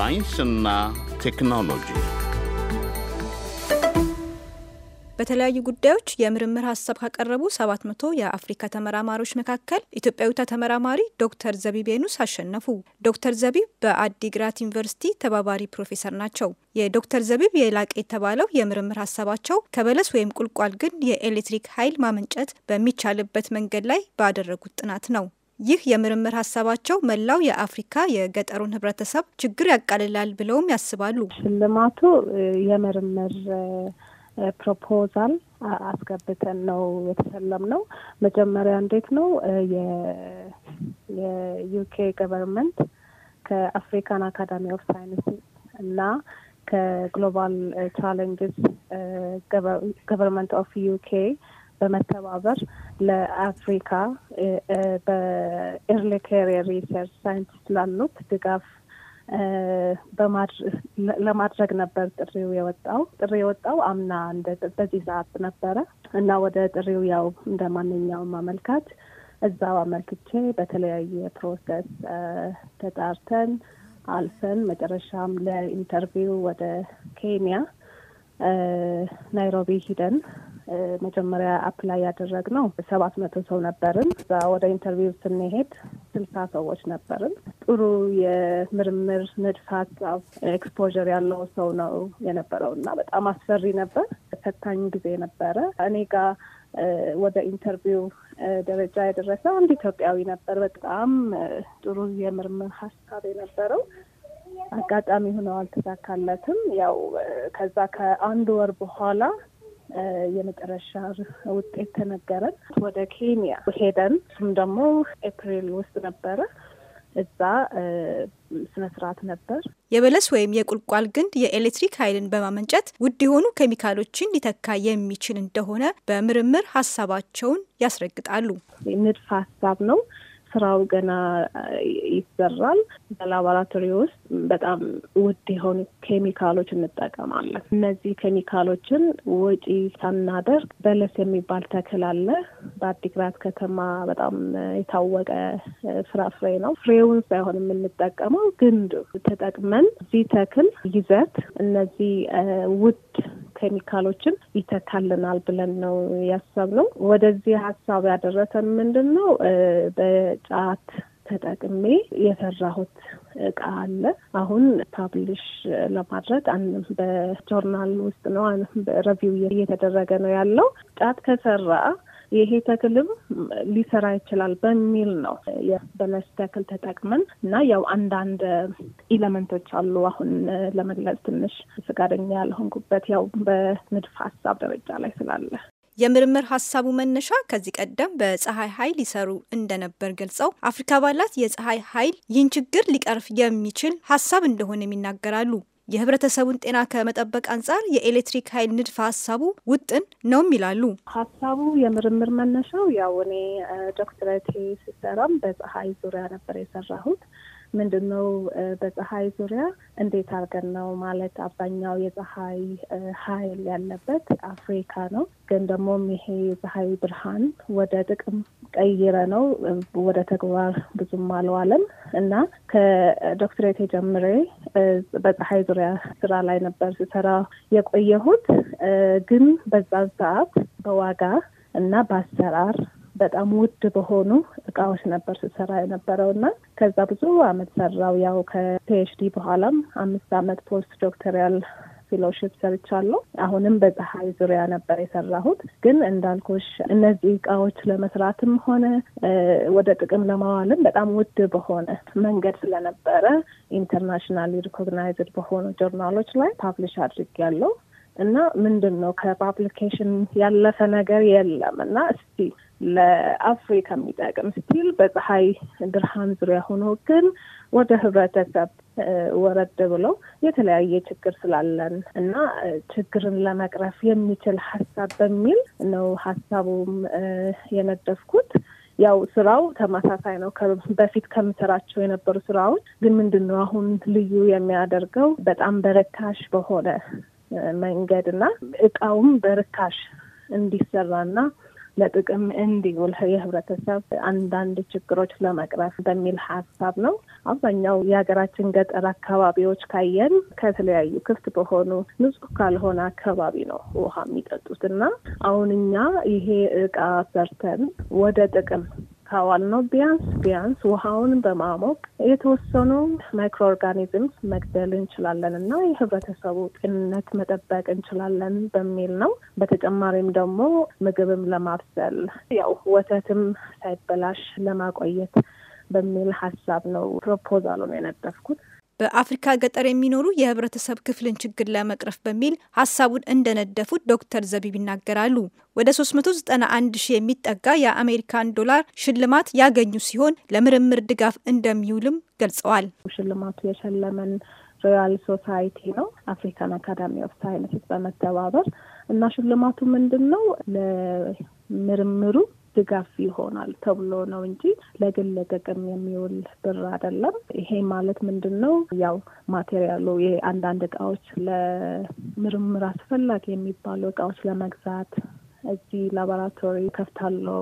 ሳይንስና ቴክኖሎጂ በተለያዩ ጉዳዮች የምርምር ሀሳብ ካቀረቡ 700 የአፍሪካ ተመራማሪዎች መካከል ኢትዮጵያዊቷ ተመራማሪ ዶክተር ዘቢብ የኑስ አሸነፉ። ዶክተር ዘቢብ በአዲግራት ዩኒቨርሲቲ ተባባሪ ፕሮፌሰር ናቸው። የዶክተር ዘቢብ የላቀ የተባለው የምርምር ሀሳባቸው ከበለስ ወይም ቁልቋል ግን የኤሌክትሪክ ኃይል ማመንጨት በሚቻልበት መንገድ ላይ ባደረጉት ጥናት ነው። ይህ የምርምር ሀሳባቸው መላው የአፍሪካ የገጠሩን ህብረተሰብ ችግር ያቃልላል ብለውም ያስባሉ። ሽልማቱ የምርምር ፕሮፖዛል አስገብተን ነው የተሰለም ነው። መጀመሪያ እንዴት ነው የዩኬ ገቨርንመንት ከአፍሪካን አካዳሚ ኦፍ ሳይንስ እና ከግሎባል ቻሌንጅስ ገቨርንመንት ኦፍ ዩኬ በመተባበር ለአፍሪካ በኤርሊ ካሪየር ሪሰርች ሳይንቲስት ላሉት ድጋፍ ለማድረግ ነበር ጥሪው የወጣው። ጥሪ የወጣው አምና በዚህ ሰዓት ነበረ እና ወደ ጥሪው ያው እንደ ማንኛውም አመልካት እዛው አመልክቼ በተለያየ ፕሮሰስ ተጣርተን አልፈን መጨረሻም ለኢንተርቪው ወደ ኬንያ ናይሮቢ ሂደን መጀመሪያ አፕላይ ያደረግነው ሰባት መቶ ሰው ነበርን። እዛ ወደ ኢንተርቪው ስንሄድ ስልሳ ሰዎች ነበርን። ጥሩ የምርምር ንድፍ ሀሳብ ኤክስፖዠር ያለው ሰው ነው የነበረው እና በጣም አስፈሪ ነበር። ፈታኝ ጊዜ ነበረ። እኔ ጋር ወደ ኢንተርቪው ደረጃ የደረሰ አንድ ኢትዮጵያዊ ነበር። በጣም ጥሩ የምርምር ሀሳብ የነበረው አጋጣሚ ሆኖ አልተሳካለትም። ያው ከዛ ከአንድ ወር በኋላ የመጨረሻ ውጤት ተነገረን። ወደ ኬንያ ሄደን እሱም ደግሞ ኤፕሪል ውስጥ ነበረ። እዛ ስነስርዓት ነበር። የበለስ ወይም የቁልቋል ግንድ የኤሌክትሪክ ኃይልን በማመንጨት ውድ የሆኑ ኬሚካሎችን ሊተካ የሚችል እንደሆነ በምርምር ሀሳባቸውን ያስረግጣሉ። ንድፍ ሀሳብ ነው ስራው ገና ይሰራል። በላቦራቶሪ ውስጥ በጣም ውድ የሆኑ ኬሚካሎች እንጠቀማለን። እነዚህ ኬሚካሎችን ወጪ ሳናደርግ በለስ የሚባል ተክል አለ። በአዲግራት ከተማ በጣም የታወቀ ፍራፍሬ ነው። ፍሬውን ሳይሆን የምንጠቀመው ግንዱ ተጠቅመን እዚህ ተክል ይዘት እነዚህ ውድ ኬሚካሎችን ይተካልናል ብለን ነው ያሰብነው። ወደዚህ ሀሳብ ያደረሰን ምንድን ነው በጫት ተጠቅሜ የሰራሁት እቃ አለ። አሁን ፓብሊሽ ለማድረግ በጆርናል ውስጥ ነው ሪቪው እየተደረገ ነው ያለው ጫት ከሰራ ይሄ ተክልም ሊሰራ ይችላል በሚል ነው የበለስ ተክል ተጠቅመን እና ያው አንዳንድ ኢለመንቶች አሉ። አሁን ለመግለጽ ትንሽ ፈቃደኛ ያልሆንኩበት ያው በንድፍ ሀሳብ ደረጃ ላይ ስላለ የምርምር ሀሳቡ መነሻ ከዚህ ቀደም በፀሐይ ኃይል ይሰሩ እንደነበር ገልጸው አፍሪካ አባላት የፀሐይ ኃይል ይህን ችግር ሊቀርፍ የሚችል ሀሳብ እንደሆነ ይናገራሉ። የህብረተሰቡን ጤና ከመጠበቅ አንጻር የኤሌክትሪክ ኃይል ንድፈ ሀሳቡ ውጥን ነውም ይላሉ። ሀሳቡ የምርምር መነሻው ያው እኔ ዶክትሬቴ ስሰራም በፀሐይ ዙሪያ ነበር የሰራሁት ምንድን ነው በፀሐይ ዙሪያ እንዴት አድርገን ነው ማለት አብዛኛው የፀሐይ ኃይል ያለበት አፍሪካ ነው። ግን ደግሞ ይሄ የፀሐይ ብርሃን ወደ ጥቅም ቀይረ ነው ወደ ተግባር ብዙም አልዋለም እና ከዶክትሬቴ ጀምሬ በፀሐይ ዙሪያ ስራ ላይ ነበር ስሰራ የቆየሁት። ግን በዛ ሰዓት በዋጋ እና በአሰራር በጣም ውድ በሆኑ እቃዎች ነበር ስሰራ የነበረው እና ከዛ ብዙ አመት ሰራው። ያው ከፒኤችዲ በኋላም አምስት አመት ፖስት ዶክተሪያል ፌሎሽፕ ሰርቻለሁ። አሁንም በፀሐይ ዙሪያ ነበር የሰራሁት። ግን እንዳልኩሽ እነዚህ እቃዎች ለመስራትም ሆነ ወደ ጥቅም ለማዋልም በጣም ውድ በሆነ መንገድ ስለነበረ ኢንተርናሽናል ሪኮግናይዝድ በሆኑ ጆርናሎች ላይ ፓብሊሽ አድርጌያለሁ እና ምንድን ነው ከፓብሊኬሽን ያለፈ ነገር የለም እና እስቲ ለአፍሪካ የሚጠቅም ስቲል በፀሐይ ብርሃን ዙሪያ ሆኖ ግን ወደ ህብረተሰብ ወረድ ብለው የተለያየ ችግር ስላለን እና ችግርን ለመቅረፍ የሚችል ሀሳብ በሚል ነው ሀሳቡም የነደፍኩት። ያው ስራው ተመሳሳይ ነው። በፊት ከምሰራቸው የነበሩ ስራዎች ግን ምንድን ነው አሁን ልዩ የሚያደርገው በጣም በርካሽ በሆነ መንገድ እና እቃውም በርካሽ እንዲሰራና ለጥቅም እንዲውል የህብረተሰብ አንዳንድ ችግሮች ለመቅረፍ በሚል ሀሳብ ነው። አብዛኛው የሀገራችን ገጠር አካባቢዎች ካየን ከተለያዩ ክፍት በሆኑ ንጹህ ካልሆነ አካባቢ ነው ውሃ የሚጠጡት እና አሁን እኛ ይሄ እቃ ሰርተን ወደ ጥቅም ካዋል ነው ቢያንስ ቢያንስ ውሃውን በማሞቅ የተወሰኑ ማይክሮ ኦርጋኒዝም መግደል እንችላለን እና የህብረተሰቡ ጤንነት መጠበቅ እንችላለን በሚል ነው። በተጨማሪም ደግሞ ምግብም ለማብሰል ያው ወተትም ሳይበላሽ ለማቆየት በሚል ሀሳብ ነው ፕሮፖዛሉን የነጠፍኩት። በአፍሪካ ገጠር የሚኖሩ የህብረተሰብ ክፍልን ችግር ለመቅረፍ በሚል ሀሳቡን እንደነደፉት ዶክተር ዘቢብ ይናገራሉ። ወደ 391 ሺህ የሚጠጋ የአሜሪካን ዶላር ሽልማት ያገኙ ሲሆን ለምርምር ድጋፍ እንደሚውልም ገልጸዋል። ሽልማቱ የሸለመን ሮያል ሶሳይቲ ነው። አፍሪካን አካዳሚ ኦፍ ሳይንስ በመተባበር እና ሽልማቱ ምንድን ነው? ለምርምሩ ድጋፍ ይሆናል ተብሎ ነው እንጂ ለግል ጥቅም የሚውል ብር አይደለም። ይሄ ማለት ምንድን ነው? ያው ማቴሪያሉ አንዳንድ እቃዎች ለምርምር አስፈላጊ የሚባሉ እቃዎች ለመግዛት እዚህ ላቦራቶሪ ከፍታለው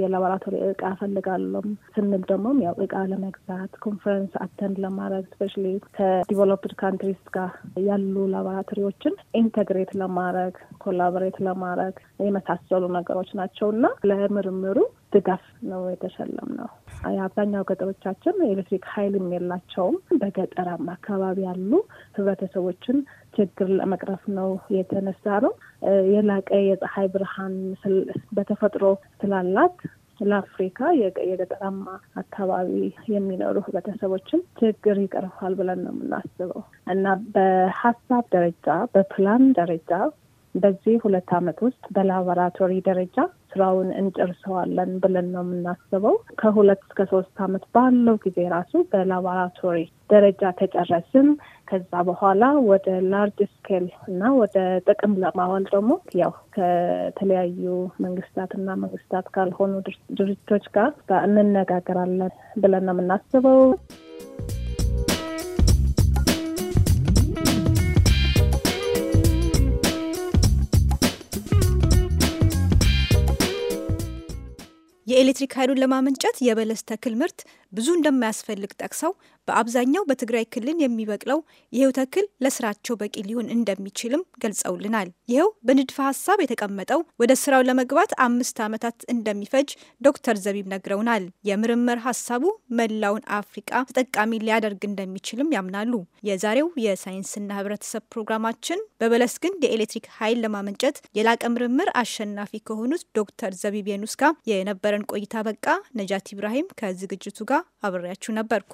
የላቦራቶሪ እቃ ፈልጋለሁ ስንል ደግሞ ያው እቃ ለመግዛት ኮንፈረንስ አተንድ ለማድረግ ስፔሻሊ ከዲቨሎፕድ ካንትሪስ ጋር ያሉ ላቦራቶሪዎችን ኢንተግሬት ለማድረግ ኮላቦሬት ለማድረግ የመሳሰሉ ነገሮች ናቸው እና ለምርምሩ ድጋፍ ነው የተሸለም ነው። የአብዛኛው ገጠሮቻችን ኤሌክትሪክ ኃይልም የላቸውም። በገጠራማ አካባቢ ያሉ ህብረተሰቦችን ችግር ለመቅረፍ ነው የተነሳ ነው። የላቀ የፀሐይ ብርሃን በተፈጥሮ ስላላት ለአፍሪካ የገጠራማ አካባቢ የሚኖሩ ህብረተሰቦችን ችግር ይቀርፋል ብለን ነው የምናስበው እና በሀሳብ ደረጃ በፕላን ደረጃ በዚህ ሁለት ዓመት ውስጥ በላቦራቶሪ ደረጃ ስራውን እንጨርሰዋለን ብለን ነው የምናስበው። ከሁለት እስከ ሶስት አመት ባለው ጊዜ ራሱ በላቦራቶሪ ደረጃ ተጨረስን። ከዛ በኋላ ወደ ላርጅ ስኬል እና ወደ ጥቅም ለማዋል ደግሞ ያው ከተለያዩ መንግስታት እና መንግስታት ካልሆኑ ድርጅቶች ጋር እንነጋገራለን ብለን ነው የምናስበው። የኤሌክትሪክ ኃይሉን ለማመንጨት የበለስ ተክል ምርት ብዙ እንደማያስፈልግ ጠቅሰው በአብዛኛው በትግራይ ክልል የሚበቅለው ይኸው ተክል ለስራቸው በቂ ሊሆን እንደሚችልም ገልጸውልናል። ይኸው በንድፈ ሀሳብ የተቀመጠው ወደ ስራው ለመግባት አምስት ዓመታት እንደሚፈጅ ዶክተር ዘቢብ ነግረውናል። የምርምር ሀሳቡ መላውን አፍሪቃ ተጠቃሚ ሊያደርግ እንደሚችልም ያምናሉ። የዛሬው የሳይንስና ህብረተሰብ ፕሮግራማችን በበለስ ግንድ የኤሌክትሪክ ኃይል ለማመንጨት የላቀ ምርምር አሸናፊ ከሆኑት ዶክተር ዘቢብ የኑስ ጋር የነበረን ቆይታ በቃ። ነጃት ኢብራሂም ከዝግጅቱ ጋር አብሬያችሁ ነበርኩ።